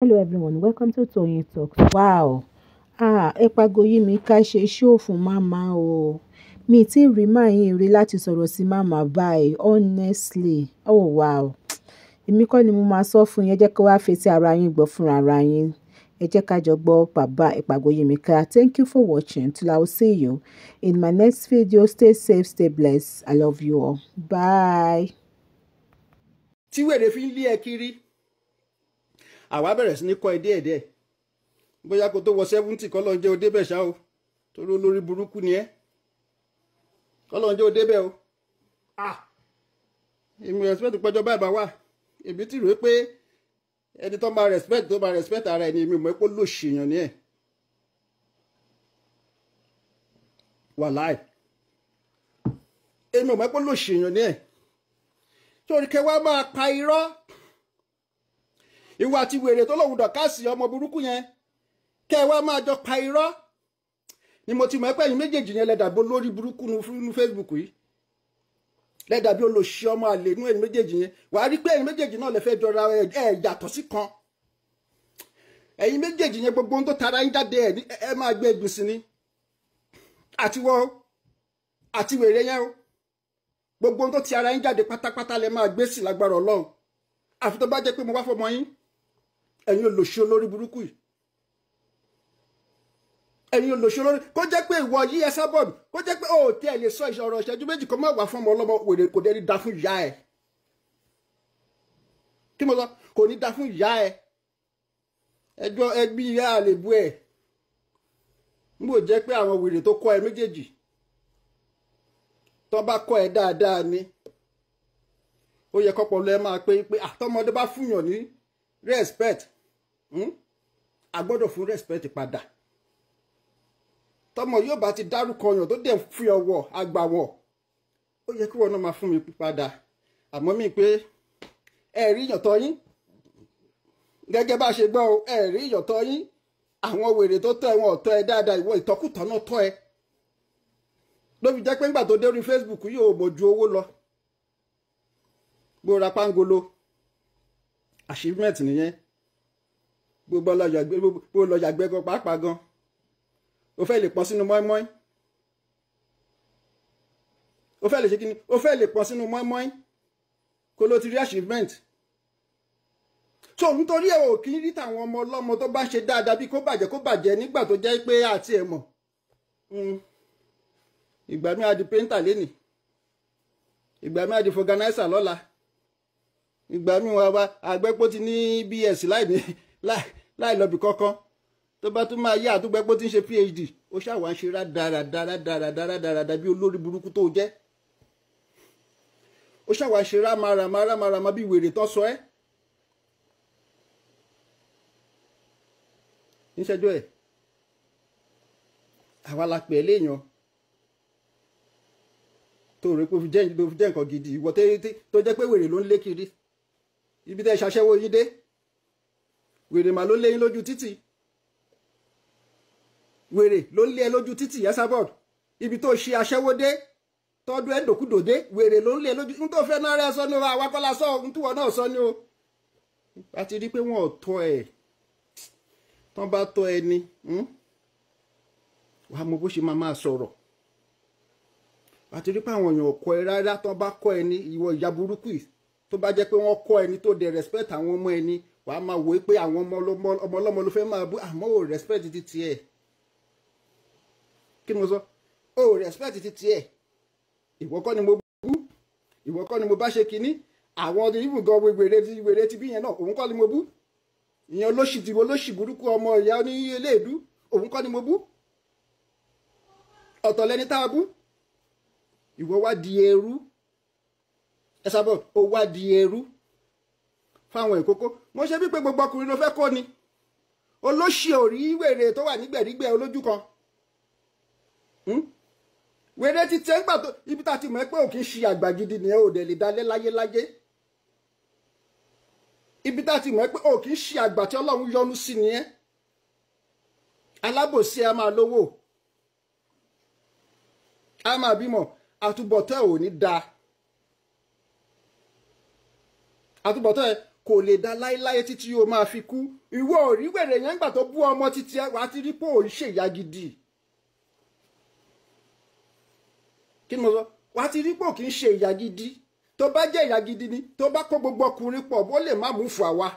Hello everyone, welcome to Toyeen Talks. Wow! Ah, ẹ pago mi ká ṣe iṣẹ́ òfin màmá o. Mi ti rí màyín rí láti sọ̀rọ̀ sí màmá báyìí, honestly. Oh wow! Èmi kọ́ ni mo máa sọ fún yín, ẹ jẹ́ kí wá fetí ara yín gbọ́ fúnra ara yín. Ẹ jẹ́ ká jọ gbọ́ bàbá ẹ pago mi ká. Thank you for watching. Till I will see you in my next video. Stay safe, stay blessed. I love you all. Bye! Tí wèrè fi ń lé ẹ kiri. àwa bẹ̀rẹ̀ sí ní kọ́ ẹ díẹ̀ díẹ̀ bóyá kó tó wọ sẹ́fúntì kọ́ lọ́n ṣá o torí olórí burúkú ni ẹ́ kọ́ lọ́n jẹ́ ó o ah! èmi respect pẹ́jọ́ báyìí bá wà èmi ti rò pé ẹni tó máa respect tó máa respect ara ẹni èmi mọ̀ pé ló ṣèyàn ni ẹ̀ wàláì èmi mọ̀ pé ló ṣèyàn ni ẹ̀ torí kẹwàá máa pa irọ́. ìwà àti wèrè tó lòun dọ̀kásì ọmọ burúkú yẹn kẹ́ ẹ wá máa jọ pa irọ́ ni mo ti mọ̀ pé ẹ̀yin méjèèjì yẹn lẹ́dàbí olórí burúkú nu Facebook yìí lẹ́dàbí olóṣì ọmọ àlè nú ẹ̀yin méjèèjì yẹn wàá rí pé ẹ̀yin méjèèjì náà lè fẹ́ jọra ẹ̀ yàtọ̀ sí kan ẹ̀yin méjèèjì yẹn gbogbo ohun tó tara yín jáde ẹ̀ máa gbé egbò sí ni àtiwọ́ àti wèrè yẹn o gbogbo ohun tó ti ara yín jáde pátápátá lẹ máa gbé sí lágbára Ọlọ́run àfi tó bá jẹ́ pé mo wá fọmọ yín ẹ̀yin olòṣì olórí burúkú yìí ẹ̀yin olòṣì olórí kó jẹ́ pé ìwọ yí ẹsẹ̀ bọ́ọ̀lù kó jẹ́ pé ó ti ẹ̀ lè sọ ọ̀rọ̀ ìṣẹ́jú méjì kó má wà fún ọmọ ọlọ́mọ wèrè kò dé ní da fún ìyá ẹ̀ kí mo sọ kò ní da fún ìyá ẹ̀ ẹjọ́ ẹgbí ìyá àlèbú ẹ̀ n bò jẹ́ pé àwọn wèrè tó kọ́ ẹ méjèèjì tó bá kọ́ ẹ dáadáa ni ó yẹ kọ́pọ̀ lọ́ọ́ máa pé pé àtọmọdé bá fúnyàn ní respect Hmm? a gbọ́dọ̀ fún respect padà tọmọ yóò bá ti dárúkọ yàn tó dẹ̀ fi ọwọ́ agbàwọ̀ ó yẹ kí wọn náà máa fún mi padà àmọ́ mi pé ẹ̀rí ìyọ̀tọ̀ yín gẹ́gẹ́ bá a ṣe gbọ́ ẹ̀rí ìyọ̀tọ̀ yín àwọn wèrè tó tọ́ ẹ wọn ò tọ́ ẹ dáadáa ìwọ ìtọ́kùtọ̀ náà tọ́ ẹ lóbi jẹ́ pé ńgbà tó dé orí Facebook yìí ò mọ̀ ju owó lọ gbóra pangolo achievement nìyẹn gbogbo lọ́jà gbẹ́ gan pàápàá gan o fẹ́ lè pọ́n sínú mọ́ínmọ́ín o fẹ́ lè ṣe kíni o fẹ́ lè pọ́n sínú mọ́ínmọ́ín kó ló ti rí achievement so nítorí ẹ ò kí ń rí tàwọn ọmọ ọlọ́mọ tó bá ń ṣe dáadáa bí kó bàjẹ́ kó bàjẹ́ nígbà tó jẹ́ pé àti ẹ̀ mọ̀ hmm. ìgbà mi á di painter lénìí ìgbà mi á di organizer lọ́la ìgbà mi wà wá àgbẹ̀pọ̀ ti ní bs láì ní láì láì lọ kankan tó bá tún máa yá àdúgbò tí ń ṣe phd ó ṣàwá ń ṣe rádára dára dára olórí burúkú tó jẹ́ ó ṣàwá ń bí wèrè tó sọ ẹ́ níṣẹ́jọ́ ẹ̀ àwa la pè léèyàn tó rẹ pé jẹ́ nǹkan gidi ìwọ tó jẹ́ pé wèrè ló kiri ibi tẹ́ ṣaṣẹ́wó yín wèrè mà ló lé yín lójú títì wèrè ló lé ẹ lójú títì Esabod ibi tó ṣe aṣẹ́wó dé tọ́dún ẹ̀dòkúdò dé wèrè ló lé lójú nítorí fẹ́ náà rẹ sọ ní wa awakọ́lá sọ nítorí náà sọ ní o a ti rí pé wọn ò tọ́ ẹ̀ tán bá tọ́ ẹ ni hmm? wàá mọ bó ṣe máa máa sọ̀rọ̀ a ti rí pé àwọn èèyàn kọ́ ẹ rárá tán bá kọ́ ẹ ní ìwọ ìyá burúkú tó bá jẹ́ pé wọ́n kọ́ ẹni tó dẹ̀ respect àwọn ọmọ ẹni wà á máa wò pé àwọn ọmọlọ́mọ ló fẹ́ máa bú àmọ́ ò respect ti tiẹ̀ kí ni mo sọ ò respect ti tiẹ̀ ìwọ kọ́ ni mo bú ìwọ kọ́ ni mo bá ṣe kinní àwọn ọdún yìí gan wèrè ti wèrè ti bí yẹn náà òun kọ́ ni mo bú ìyẹn olóṣì tí mo lóṣì burúkú ọmọ ìyá ní eléèdú òun kọ́ ni mo bú ọ̀tọ̀ lẹni tá a bú ìwọ wá di ẹrú ẹ sábọ̀ ó wá di ẹrú fáwọn ìkókó mo ṣe bí pé gbogbo ọkùnrin ló fẹ́ kó ni olóṣì òrí wèrè tó wà nígbèrígbè olójú kan hmm? wèrè ti tẹ́ ńgbà tó ibi tá a ti mọ̀ pé òkè ṣe àgbà gidi nìyẹn ò dẹ̀ lè dalẹ̀ láyéláyé ibi tá a ti mọ̀ pé òkè ṣe àgbà tí ọlọ́run yọ́nú sí nìyẹn alábòsí a máa lówó a máa bímọ àtúbọ̀tán ò ní dáa àtúbọ̀tán kò lè dá láéláé títí o máa fi kú ìwọ ò rí wèrè yẹn nígbà tó bú ọmọ títí wàá ti rí pò ń ṣèyá gidi kí ni mo sọ wàá ti rí pò kì í ṣe ìyá gidi tó bá jẹ́ ìyá gidi ni tó bá kó gbogbo ọkùnrin pọ̀ ó lè má mú fún àwa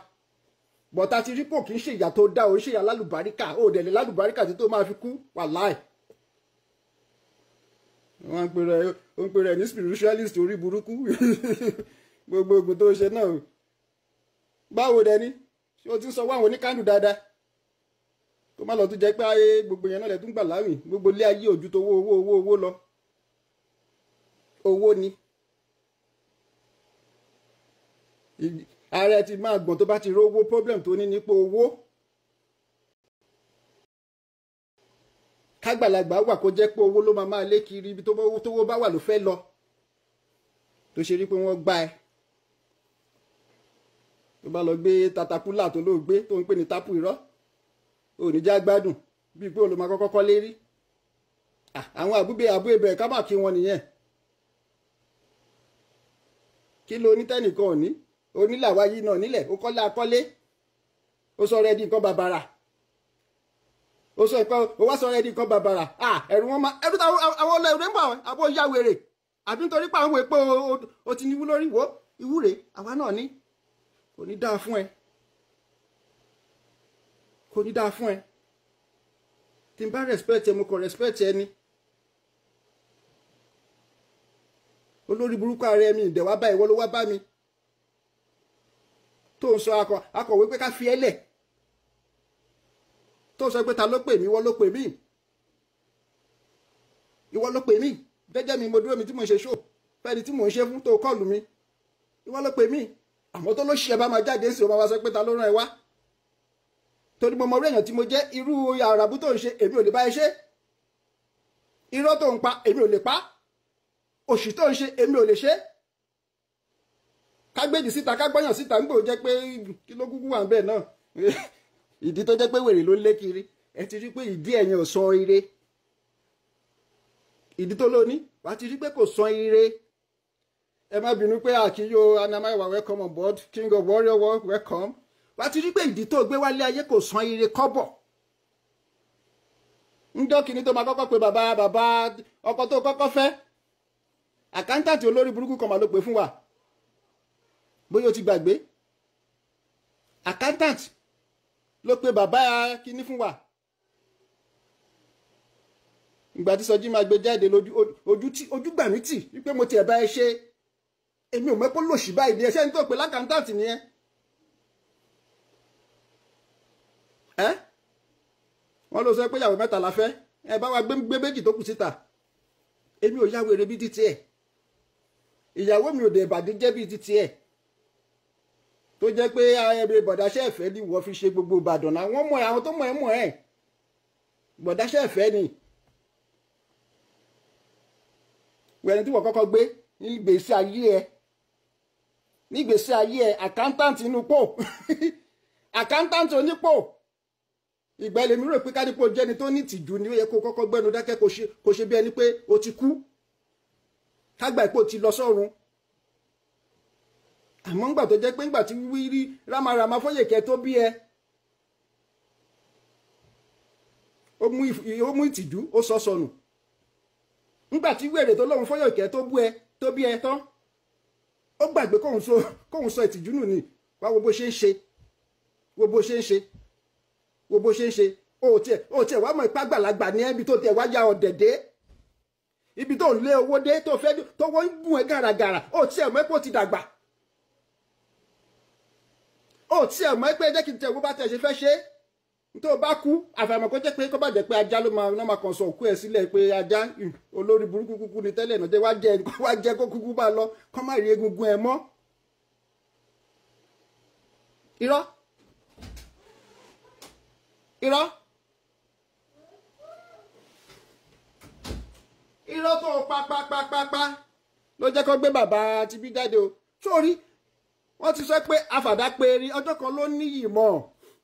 bọ̀tà ti rí pò kì í ṣe ìyá tó dá o ṣe ìyá lálùbáríkà ó dẹ̀ lè lálùbáríkà tó máa fi kú wàláì wọ́n ń pè ní spiritualist orí burúkú gbogbo ogun tó ṣe náà báwo dẹni ṣé o ti ń sọ wá àwọn oníkàndù dáadáa kó má lọ tó jẹ́ pé ayé gbogbo yẹn náà lẹ tún gbà láwìn gbogbo ilé ayé ojú tó owó owó owó owó lọ owó ni ààrẹ ti máa gbọ̀n tó bá ti rówó problem tó ní nípa owó kágbàlagbà wà kó jẹ́ pé owó ló máa máa lé kiri ibi tó wó bá wà ló fẹ́ lọ tó ṣe rí pé wọ́n gbá ẹ bá lọ gbé tatapúlà tó ló gbé tó ń pè ní tápù irọ́ òní já gbádùn bíi pé olùmọ̀ kọ́kọ́ kọ́ lérí ah, àwọn àbúbẹ àbúbẹ bẹ̀rẹ̀ ká má kí wọn nìyẹn kí ló onítẹ̀nìkan òní onílàwáyí náà nílẹ̀ ó kọ́lé akọ́lé ó sọ rẹ di nǹkan bàbàrà ó sọ ìpẹ́ ó wá sọ rẹ di nǹkan bàbàrà ah, ẹ̀rù wọn máa ẹ̀rù àwọn ọlọ ẹ̀rù ń bọ̀ àbó ya wèrè àbí nítorí pé àwọn èèpo o ti ní wú lórí wo ìwúre àwa náà ní kò ní dáa fún ẹ kò ní dáa fún ẹ tí n bá respect ẹ mo kàn respect ẹ ni olórí burúkú ara mi ìdẹ̀ wá bá ìwọ ló wá bá mi tó ń sọ akọ akọ̀wé pé ká fi ẹ lẹ̀ tó ń sọ pé ta ló pè mí ìwọ ló pè mí ìwọ ló pè mí jẹ́jẹ́ mi mo dúró mi tí mo ṣe ṣó fẹ́ni tí mo ń ṣe fún tó kọ́ọ̀lù mi ìwọ ló pè mí àmọ́ tó ló ṣe bá máa jáde sí ọba wa sọ pé ta ló rán ẹ wá torí mo mọ orí èèyàn tí mo jẹ́ irú àràbù tó ń ṣe èmi ò lè bá ẹ ṣe irọ́ tó ń pa èmi ò lè pa òṣì tó ń ṣe èmi ò lè ṣe kágbèjì síta kágbọ́yàn síta ń gbò jẹ́ pé kí ló kúkú wà ń bẹ̀ náà ìdí tó jẹ́ pé wèrè ló lé kiri ẹ ti rí pé ìdí ẹ̀yìn ò san ire ìdí tó lóní wàá ti rí pé kò san ire ẹ má bínú pé àkíyó anamaiwa welcome on board king of warrior world welcome wá ti rí pé ìdí tó gbé wálé ayé kò san ire kọ́bọ̀ ń dọ́kìnrin tó máa kọ́kọ́ pé bàbá bàbá ọkọ tó kọ́kọ́ fẹ́ àkáńtàtì olórí burúkú kan mà ló pè fún wa bóyá o ti gbàgbé àkáńtàtì ló pè bàbá kínní fún wa ìgbà tí sọjí máa gbé jáde lójú ojú gbà wípé mo tiẹ̀ bá ẹ ṣe èmi ò mẹ́pọ̀ lòṣì báyìí ni ẹ ṣe ń tó pé lákàntàtì ni ẹ. ẹ wọ́n ló sọ pé ìyàwó mẹ́ta la fẹ́ ẹ bá wa gbé méjì tó kù síta èmi ò yáwó eré bíi títí ẹ ìyàwó mi ò dé ìbàdí jẹ́ bíi títí ẹ tó jẹ́ pé ẹ̀rẹ̀ bọ̀dáṣẹ́ ẹ̀fẹ́ ni wọ́n fi ṣe gbogbo Ìbàdàn náà wọ́n mọ̀ àwọn tó mọ̀ ẹ́ mọ̀ ẹ́ bọ̀dáṣẹ́ ẹ̀fẹ́ ni wẹ̀ni tí wọ́n kọ́kọ́ gbé ní ìgbésí ayé ẹ̀ nígbèsí ayé ẹ accountant inú pò accountant onípò ìgbà lèmi rò pé kádìpò jẹni tó ní ìtìjú ni ó yẹ kó kọ́kọ́ gbẹ́nu dákẹ́ kó ṣe bí ẹni pé ó ti kú kágbà ìpò ti lọ sọ́run àmọ́ ńgbà tó jẹ́ pé ńgbà tí wí rí rámarama fóyèkẹ́ tó bí ẹ ó mú ìtìjú ó sọ sọnù ńgbà tí wèrè tó lóun fóyèkẹ́ tó bú ẹ tó bí ẹ tán gbàgbé kóun sọ ìtìjú nù ni wá wo bó ṣe ń ṣe wo bó ṣe ń ṣe wo bó ṣe ń ṣe o tiẹ̀ o tiẹ̀ wá mọ̀ ipá gbàlagbà ní ẹbí tó tiẹ̀ wá ya ọ̀dẹ̀dẹ̀ ibi tó ń lé owó dé tó fẹ́ tó wọ́n ń gùn ẹ́ gàràgàrà o tiẹ̀ mọ̀ ẹ́ pé ó ti dàgbà o tiẹ̀ mọ̀ ẹ́ pé jẹ́ kí n tẹ̀ wọ́n bá tẹ̀ ṣe fẹ́ ṣe é tó o bá kú àfàìmọ̀ kó jẹ́ pé kó bá jẹ́ pé ajá ló máa máa kàn sọ òkú ẹ̀ sílẹ̀ pé ajá olórí burúkú kúkú ni tẹ́lẹ̀ náà wá jẹ́ wá jẹ́ kó kúkú bá lọ kó má rí egungun ẹ̀ mọ́. irọ́ irọ́ irọ́ tó pa pa pa pa pa ló jẹ́ kó gbé bàbá tibí jáde o sórí wọ́n ti sọ pé afàdá pé erin ọjọ́ kan ló níyì mọ́ ọ.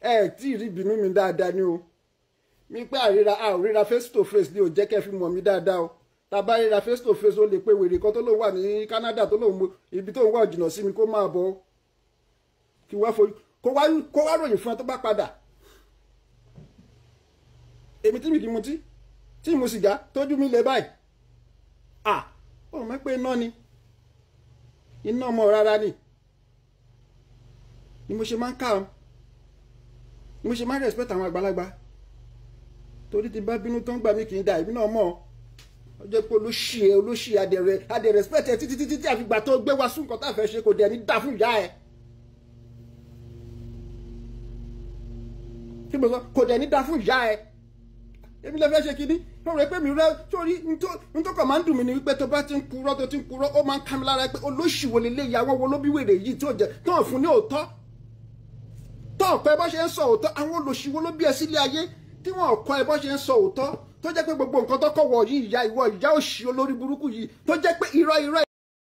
ẹ tí ì rí ìbínú mi dáadáa ni o mi pé àríra a ò ríra face to face ni ò jẹ́ kẹ́ fi mọ̀ mí dáadáa o tá bá ríra face to face o lè pe wèrè kan tó lóun wà ní Canada tó lóun ibi tó ń wà jìnnà sí mi kó máa bọ̀ kí wá fojú kó wá ròyìn fún ẹ tó bá padà èmi tí mi kì í mutí tí mo sìgá tójú mi lè báyìí à ó mọ̀ pé iná ni iná ọmọ rárá ni ni mo ṣe máa ń kà ọ́ mo ṣe máa respect àwọn àgbàlagbà torí ti bá bínú tó ń gbà mí kì í da ìbínú ọmọ ọjọ́ pé olóṣì ẹ olóṣì adẹrẹ adẹrẹ respect ẹ títí títí tí àfìgbà tó gbé wá sún nǹkan tá a fẹ́ ṣe kò dẹ̀ ní dá fún ìyá ẹ. kí mo sọ kò dẹ̀ ní dá fún ìyá ẹ èmi lè fẹ́ ṣe kínní ó rẹ pé mi rẹ sórí ntọ́kọ̀ máa ń dùn mí ni wípé tó bá ti ń purọ́ tó ti ń purọ́ ó máa ń kámi lára pé olóṣì wo lè lé ìyàwó wo ló bí wèrè yìí tó jẹ tó ń fún ní òótọ́ tó ọ̀kọ́ ẹ bọ́ ṣe ń sọ òótọ́ àwọn olùṣìwò ló bí ẹ sílé ayé tí wọn ọ̀kọ́ ẹ bọ́ ṣe ń sọ òótọ́ tó jẹ́ pé gbogbo nǹkan tó kọ̀ wọ̀ yìí ìyá ìwọ ìyá òṣì olórí burúkú yìí tó jẹ́ pé irọ́ irọ́